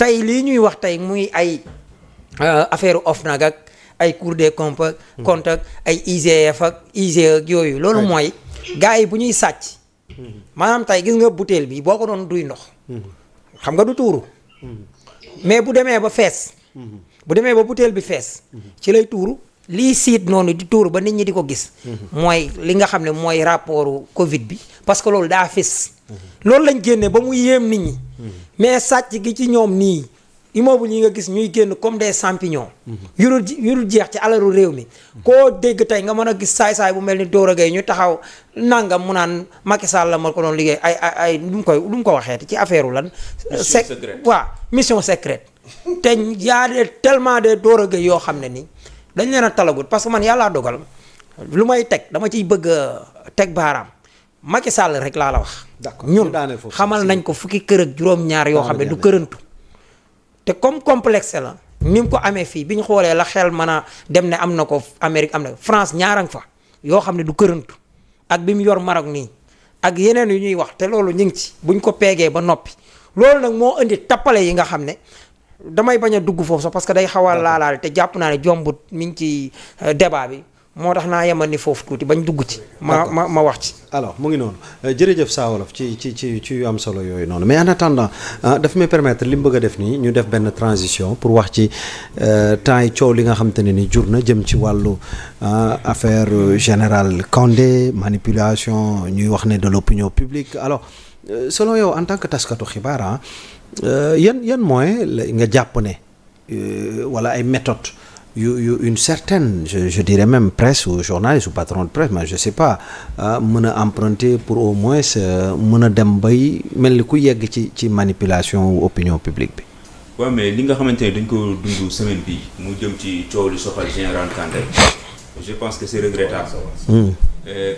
tey lii ñuy wax tey muy ay euh, affaire OFNAC ak ay Cour des comptes hmm. comptes ak ay IGF ak IGE ak yooyu loolu mooy gars yi bu ñuy sàcc hmm. maanaam tey gis nga butéel bi boo ko doon duy ndox hmm. xam nga du tuuru mais bu demee ba fees bu demee ba butéel bi fees ci lay tuuru lii siit noonu di tuur ba nit ñi di ko gis. mooy li nga xam ne mooy rapportu Covid bi parce que loolu daa fis loolu lañ génnee ba mu yéem nit ñi. mais sàcc gi ci ñoom nii immeuble yi nga gis ñuy génn comme des champignons. yu dul yu dul jeex ci alalu réew mi. koo dégg tey nga mën a gis saay-saay bu mel ni Doro Gaye ñu taxaw nangam mu naan Macky Sall la ma ko doon liggéey ay ay ay lu mu koy lu mu ko waxeeti ci affaire lan. sec waaw mission secrète. te y tellement de Doro Gaye yoo xam ne ni. dañ leen a talagut parce que man yàllaa dogal lu may teg dama ciy bëgg teg baaraam Macky sàll rek laa la wax. d'accord ñun xamal nañ ko fukki kër ak juróom-ñaar yoo xam ne du kërantu. te comme complexe la ni mu ko amee fii bi ñu xoolee la xel mën a dem ne am na ko Amérique am na France ñaarang fa yoo xam ne du kërantu ak bi mu yor Maroc nii ak yeneen yu ñuy wax te loolu ñu ngi ci buñ ko peegee ba noppi loolu nag moo indi tappale yi nga xam ne damay bañ a dugg foofu sax parce que day xawal a laalaal te jàpp naa ne jombut mi ngi ci euh, débat bi moo tax naa yemal ni foofu tuuti bañ dugg ci. ma ma ma wax ci. alors mu ngi noonu euh, jërëjëf Saa Wolof ci ci ci ci yu am solo yooyu noonu mais en attendant euh, daf may permettre li mu bëgg a def nii ñu def benn transition pour wax ci euh, temps yi coow li nga xam te ne ni jur na jëm ci wàllu affaire général Kandé manipulation ñuy wax ne de l'opinion publique alors solo yow en tant que taskatu xibaar yan yan moyen nga jàpp ne wala ay méthodes. yooyu une certaine je je dirais même presse ou journaliste ou patron de presse mais je sais pas euh, mën a emprunter pour au moins euh, mën a dem bay mel ni ku yegg ci ci manipulation ou opinion publique bi. waaw mais li nga xamante ne dañ ko dund semaine bi mu jëm ci coow li soxal général Kandé je pense que c'est regrettable. Hmm.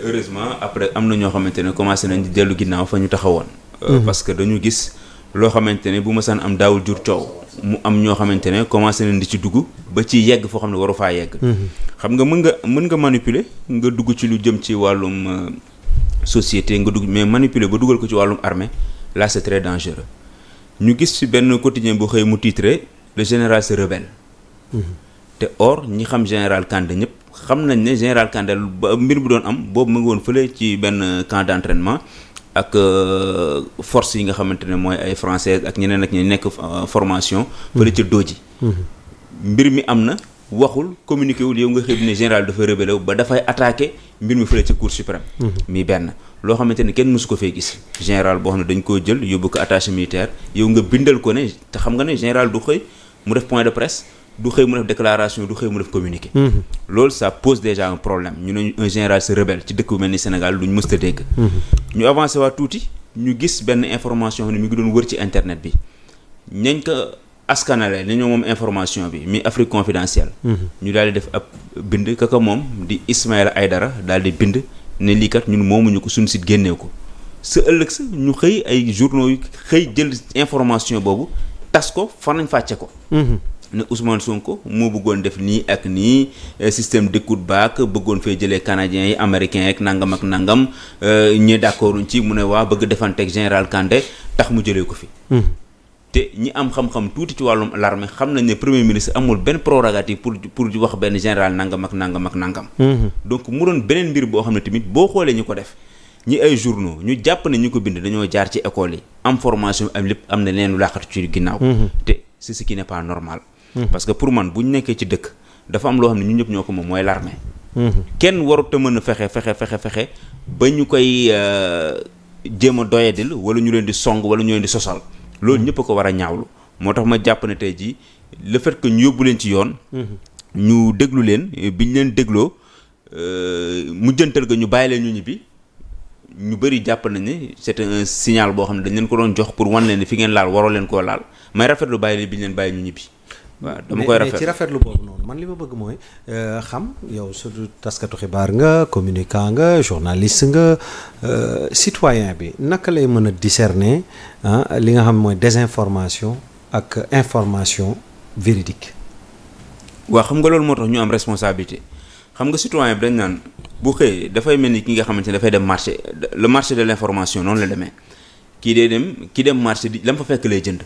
heureusement après am na ñoo xamante ne commencé nañ di dellu ginnaaw fa ñu taxawoon. Euh, hmm. parce que dañu gis loo xamante ne bu ma saan am daawul jur coow. mu am ñoo xamante ne commencé nañ di ci dugg ba ci yegg foo xam ne waru faa yegg. Mhm. xam nga mën nga mën nga manipuler nga dugg ci lu jëm ci wàllum euh, société nga dugg mais manipuler ba dugal ko ci wàllum armée la c'est très dangereux ñu gis ci benn quotidien bu xëy mu titré le général se rebelle. Mhm. te or ñi xam général Kandé ñëpp xam nañ ne général Kandé ba mbir bu doon am boobu mu ngi woon fële ci benn euh, camp d'entraînement. ak euh, force yi nga xamante ne mooy ay française ak ñeneen ak ñu nekk euh, formation. fële ca Dooji. Mm-hmm. mbir mi am na waxul communiqué wul yow nga xëy ne général dafa rébellé wu ba dafay attaqué mbir mi fële ca cour suprême. Mm-hmm. mi benn loo xamante ne kenn mësu ko fee gis. général boo xam ne dañ koo jël yóbbu ko attaché militaire yow nga bindal ko ne te xam nga ne général du xëy mu def point de presse. du xëy mu def déclaration du xëy mu def communiqué. Mm-hmm. loolu ça pose déjà un problème ñu ne un général se rebelle ci dëkk bu mel ni Sénégal luñ mës a dégg. Mm-hmm. ñu avancé waa tuuti ñu gis benn information ni mu doon wër ci internet bi ñañ ko askanale ni ñoo moom information bi mi Afrique confidentielle. Mm-hmm. ñu daal di def ab bind kaka moom di Ismaïla Aydara daal di bind ne lii kat ñun moomuñu ko suñu site génnee ko sa ëllëg sa ñu xëy ay journaux yu xëy jël information boobu tas ko fanañ fàcce ko. ne Ousmane Sonko moo bëggoon def nii ak nii eh, système d'écoute baak bëggoon fee jëlee canadiens yi américains yeeg nangam ak nangam eh, ñi d'accord ci mu ne waa bëgg defanteeg général Kandé tax mu jëlee ko fi. Hmm. te ñi am xam-xam tuuti ci wàllum l'armée xam nañ ne premier ministre amul benn prérogative pour pour wax benn général nangam ak nangam ak nangam. Hmm. donc mu doon beneen mbir boo xam ne tamit boo xoolee ñu ko def. ñi ay journaux ñu jàpp ne ñu ko bind dañoo jaar ci école yi am formation am lépp am na leen laaxatu ci ginnaaw. Hmm. te c'est ce qui n'est pas normal. Mhm. parce que pour man bu ñu nekkee ci dëkk dafa am loo xam ne ñu ñëpp ñoo ko moom mooy l'armée mhm. kenn warut a mën a fexe fexe fexe fexe ba ñu koy euh, jéem a doyadil wala ñu leen di song wala ñu leen di sosal loolu mhm. ñëpp ko war a ñaawlu moo tax ma jàpp ne tey jii le fait que ñu yóbbu leen ci yoon ñu déglu leen bi ñu leen dégloo euh, mujjantal ga ñu bàyyi leen ñu ñibbi ñu bëri jàpp nañ ne c'est un signal boo xam ne dañ leen ko doon jox pour wan leen ne fi ngeen laal waroo leen koo laal may rafetlu bàyyi leen bi ñu leen ñu ñibbi waaw dama koy rafet ci rafetlu boobu noonu man li ma bëgg mooy euh, xam yow surtout taskatu xibaar nga communicant nga journaliste nga euh, citoyen bi naka lay mën a discerner li nga xam mooy désinformation ak information véridique. waaw xam nga loolu moo tax ñu am responsabilité xam nga citoyen bi dañ naan boo xëyee dafay mel ni ki nga xamante ne dafay dem marché le marché de l'information noonu la demee kii dee dem kii dem marché di la mu fa fekk lay jënd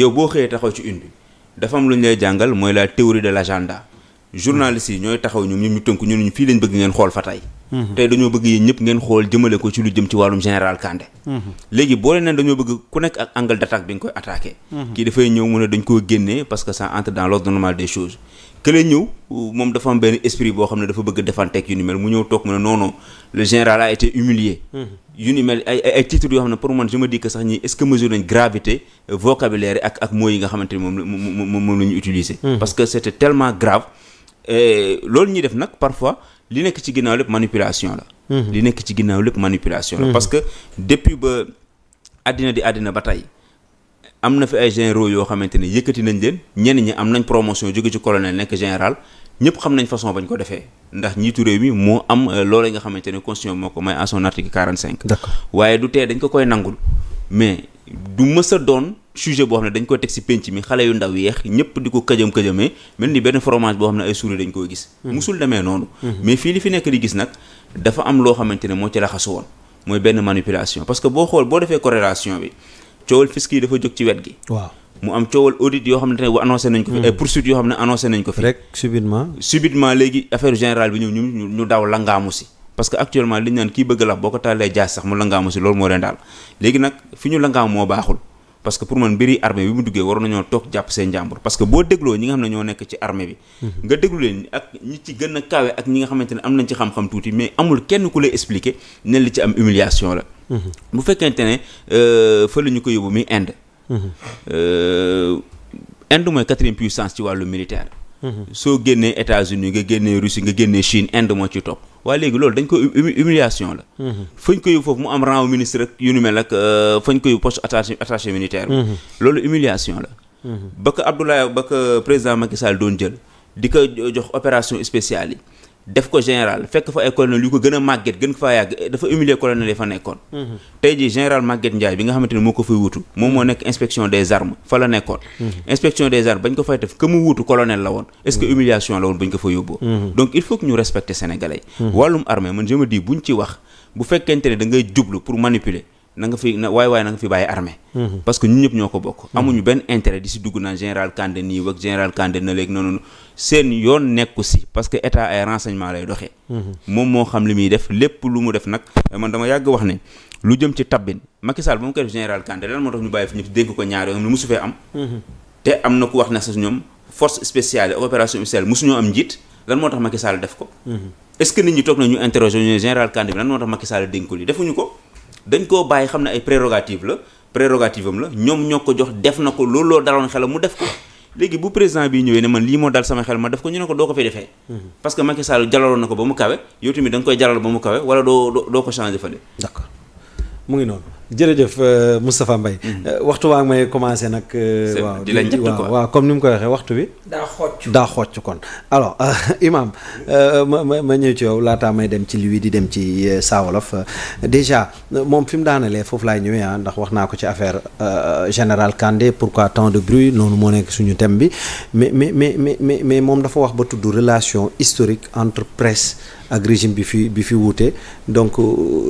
yow boo xëyee taxaw ci une bi dafa am lay jàngal mooy la théorie de l' agenda journalistes yi ñooy taxaw ñoom ñu tënk ñun fii lañ bëgg ngeen xool fa tey mhm. tey dañoo bëgg yéen ñëpp ngeen xool jëmale ko ci lu jëm ci wàllum général Kandé mhm. léegi boo leen ne dañoo bëgg ku nekk ak angle d' bi nga koy attaqué mhm. kii dafay ñëw mu ne dañ koo génnee parce que entre dans l'ordre normal des choses kële ñëw moom dafa am esprit boo xam ne dafa bëgg a defanteeg yu ni mel mu ñëw toog mu ne non le général a été humilié mm-hmm. yu ni mel ay ay yoo xam ne pour man je me dis que sax ñi est-ce que mesure nañ gravité euh, vocabulaire ak ak mots nga xamante moom moom moom la ñu utiliser mm-hmm. parce que c'était tellement grave loolu ñuy def nag parfois li nekk ci ginnaaw lépp manipulation la mm-hmm. li nekk ci ginnaaw lépp manipulation la parce que depuis ba àddina di àddina ba tey am na fi ay généraux yoo xamante ne yëkkati nañ leen ñenn ñi am nañ promotion jóge ci colonel nekk général ñëpp xam nañ façon bañ ko defee ndax njiitu réew mi moo am euh, loola nga xamante ne constitution moo ko may à son article 45. d'accord waaye du tee dañ ko koy nangul mais du mës a doon sujet boo dañ koy teg si penc mi xale yu ndaw yeex ñëpp di ko këjëm këjëmee mel ni benn fromage boo xam ne ay souris dañ koy gis. Mhm. musul demee noonu. Mhm. mais fii li fi nekk di gis nag dafa am loo xamante ne moo ci raxasu woon mooy benn manipulation parce que boo xool boo defee corrélation bi. coowal fisc yi dafa jóg ci wet gi. waaw mu am coowal audit yoo xam ne tamit annoncé nañ ko fi. Hmm. ay poursuites yoo xam ne annoncé nañ ko fi. rek subitement. subitement léegi affaire générale bi ñëw ñu ñu daw langaamu si. parce que actuellement li ñu naan kii bëgg la boo ko taalee jaas sax mu langaamu si loolu moo leen léegi nag fi ñu langaam moo baaxul parce que pour man mbiri armée bi mu duggee waroon nañoo toog jàpp seen njàmbur parce que boo dégloo ñi nga xam ne ñoo nekk ci armée bi mhm. nga déglu leen ak ñi ci gën a kawe ak ñi nga xamante ne am nañ ci xam-xam tuuti mais amul kenn ku lay expliquer ne li ci am humiliation la mhm. bu fekkente ne euh, fa la ñu ko yóbbu muy Inde mhm. euh, Inde mooy quatrième puissance ci wàllu militaire Mhm. soo génnee États-Unis nga génnee Russie nga génnee Chine Inde moo ci topp waaye léegi loolu dañ ko humiliation la mhm. fañ ko yóbbu foofu mu am rang ministre ak yu nu mel ak euh, fañ ko yóbbu poste attaché militaire mhm. loolu humiliation la ba ko Abdoulaye ba ko président Macky doon jël di ko jox opération spéciale yi def ko général fekk fa ay colonel yu ko gën a màgget gën ko faa yàgg dafa humilier colonel yi fa nekkoon mhm. tey jii général Maguette Ndiaye bi nga xamante ne moo ko fay wutu moom moo nekk inspection des armes fa la nekkoon mhm. inspection des armes bañ ko fay def que mu wutu colonel la woon est-ce que mhm. humiliation la woon bañ ko fa yóbboo donc il faut ñu respecter sénégalais wàllum armée man je me buñ ci wax bu fekkente ne da ngay jublu pour manipuler na nga fi waay waay na nga fi bàyyi armée mhm. parce que ñun ñëpp ñoo ko bokk mhm. amuñu benn intérêt di si dugg naan général Kandé nii ak général Kandé na mhm. moo xam li muy def lépp lu mu def nag eh, man dama wax ne lu jëm ci tabbin Macky Sall ba mu koy def général Kandé fee am te am na ku wax ne sax ñoom force spéciale opération spéciale mosuñoo am njiit lan moo tax Macky Sall def ko est nit ñi toog na ñu général Kandé bi lan moo tax Macky Sall defuñu ko dañ koo bàyyi xam ne ay prérogative la prérogative am la ñoom ñoo ko jox def na ko loo daloon xelam mu def ko léegi bu président bi ñëwee ne man lii moo dal sama xel ma def ko ñu ne ko doo ko fi defee mhm. parce que Macky Sall jalaloon na ko ba mu kawe yow tamit da koy jalal ba mu kawe wala doo doo ko changer fële d'accord mu ngi noonu jërëjëf euh, Moustapha mbay mhm. euh, waxtu waa may commencé nag. Euh, waaw waaw comme ni mu koy waxee waxtu wi daa xocc daa xocc kon. alors Imaam ma ma ma ñëw ci yow laataa may dem ci lii di dem ci Saa Wolof déjà moom fi mu daanalee foofu laay ñëwee ah ndax wax naa ko ci affaire général Kandé pourquoi tant de bruit noonu moo nekk suñu thème bi mais mais mais mais mais moom dafa wax ba tudd relation historique entre presse ak régime bi fi bi fi wuute donc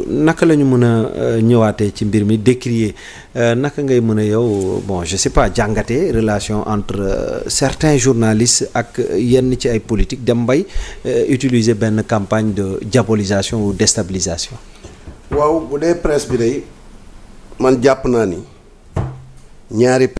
naka lañu mën a ñëwaatee ci. ci mbir mi décrier euh, naka ngay mën a yow bon je sais pas jàngate relation entre euh, certains journalistes ak yenn ci ay politique dem bay euh, utiliser benn campagne de diabolisation ou déstabilisation. waaw bu dee presse bi day man jàpp naa ni ñaari.